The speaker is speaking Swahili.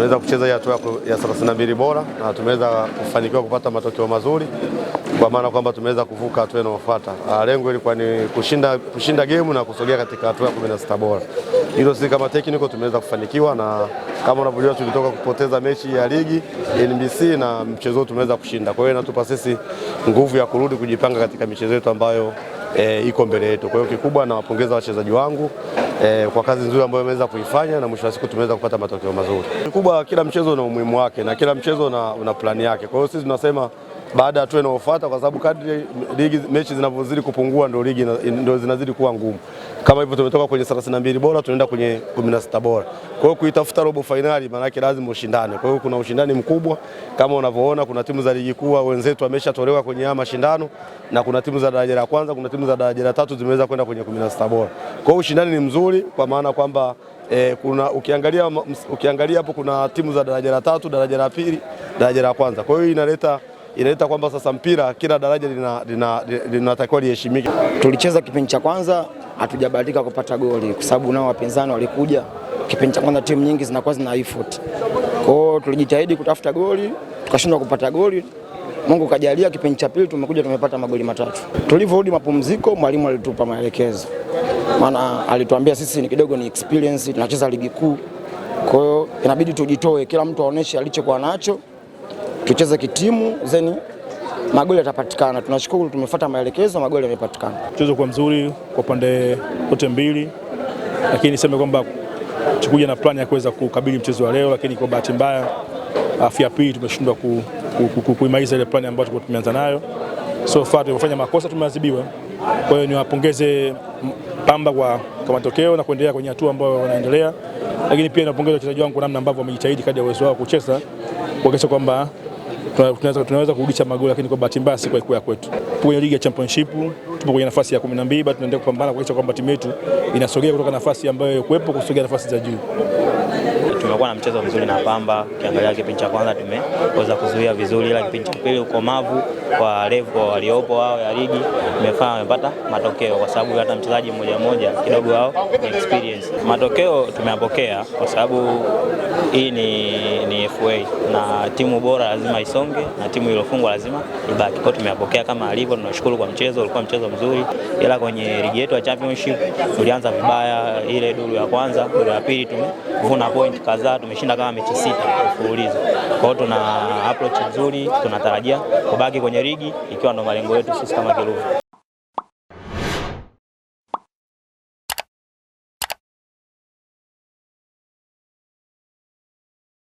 tumeweza kucheza hatua ya 32 bora na tumeweza kufanikiwa kupata matokeo mazuri, kwa maana kwamba tumeweza kuvuka hatua inayofuata. Ah, lengo ilikuwa ni kushinda, kushinda gemu na kusogea katika hatua ya 16 bora. Hilo sisi kama tekniko tumeweza kufanikiwa, na kama unavyojua tulitoka kupoteza mechi ya ligi NBC na mchezo tumeweza kushinda. Kwa hiyo inatupa sisi nguvu ya kurudi kujipanga katika michezo yetu ambayo e, iko mbele yetu. Kwa hiyo kikubwa, nawapongeza wachezaji wangu eh, kwa kazi nzuri ambayo ameweza kuifanya na mwisho wa siku tumeweza kupata matokeo mazuri. Kikubwa, kila mchezo una umuhimu wake na kila mchezo una, una plani yake. Kwa hiyo sisi tunasema baada ya hatua inayofuata, kwa sababu kadri ligi mechi zinavyozidi kupungua ndio ligi ndio zinazidi kuwa ngumu. Kama hivyo tumetoka kwenye 32 bora tunaenda kwenye 16 bora. Kwa hiyo kuitafuta robo finali maana yake lazima ushindane. Kwa hiyo kuna ushindani mkubwa kama unavyoona, kuna timu za ligi kuu wenzetu wameshatolewa kwenye haya mashindano na kuna timu za daraja la kwanza, kuna timu za daraja la tatu zimeweza kwenda kwenye 16 bora. Kwa hiyo ushindani ni mzuri kwa maana kwamba eh, kuna ukiangalia ukiangalia hapo kuna timu za daraja la tatu, daraja la pili, daraja la kwanza. Kwa hiyo inaleta inaleta kwamba sasa mpira kila daraja linatakiwa lina, lina, lina liheshimike. Tulicheza kipindi cha kwanza hatujabahatika kupata goli kwa sababu nao wapinzani walikuja. Kipindi cha kwanza timu nyingi zinakuwa zina effort, kwa hiyo tulijitahidi kutafuta goli tukashindwa kupata goli. Mungu kajalia, kipindi cha pili tumekuja tumepata magoli matatu. Tulivyorudi mapumziko, mwalimu alitupa maelekezo, maana alituambia sisi ni kidogo ni experience, tunacheza ligi kuu, kwa hiyo inabidi tujitoe, kila mtu aoneshe alichokuwa nacho tucheze kitimu zeni magoli yatapatikana. Tunashukuru tumefuata maelekezo, magoli yamepatikana. Mchezo kwa mzuri kwa pande zote mbili, lakini niseme kwamba tukuja na plani ya kuweza kukabili mchezo wa leo, lakini kwa bahati mbaya afya pili tumeshindwa kuimaliza ile plani ambayo tulikuwa tumeanza nayo. So far tumefanya makosa, tumeadhibiwa. Kwa hiyo niwapongeze Pamba kwa matokeo na kuendelea kwenye hatua ambayo wanaendelea, lakini pia niwapongeze wachezaji wangu namna ambavyo wamejitahidi kadri ya uwezo wao kucheza kuhakikisha kwamba tunaweza, tunaweza kurudisha magoli, lakini kwa bahati mbaya si kwa kwetu. Tupo kwenye ligi ya championship, tupo kwenye nafasi ya 12 bado tunaendelea kupambana kuhakikisha kwamba timu yetu inasogea kutoka nafasi ambayo ilikuwepo kusogea nafasi za juu. Tumekuwa na mchezo mzuri na Pamba. Ukiangalia kipindi cha kwanza tumeweza kuzuia vizuri, ila kipindi cha pili ukomavu kwa level waliopo wao ya ligi imefanya wamepata matokeo, kwa sababu hata mchezaji mmoja mmoja kidogo wao experience. Matokeo tumeyapokea kwa sababu hii ni, ni FA na timu bora lazima isonge na timu iliyofungwa lazima ibaki. Kwa tumeapokea kama alivyo, tunashukuru kwa mchezo, ulikuwa mchezo mzuri, ila kwenye ligi yetu ya championship tulianza vibaya ile duru ya kwanza, duru ya pili tumevuna point kadhaa, tumeshinda kama mechi sita mfululizo. Kwa hiyo tuna approach nzuri, tunatarajia kubaki kwenye ligi ikiwa ndo malengo yetu sisi kama Kiluvi.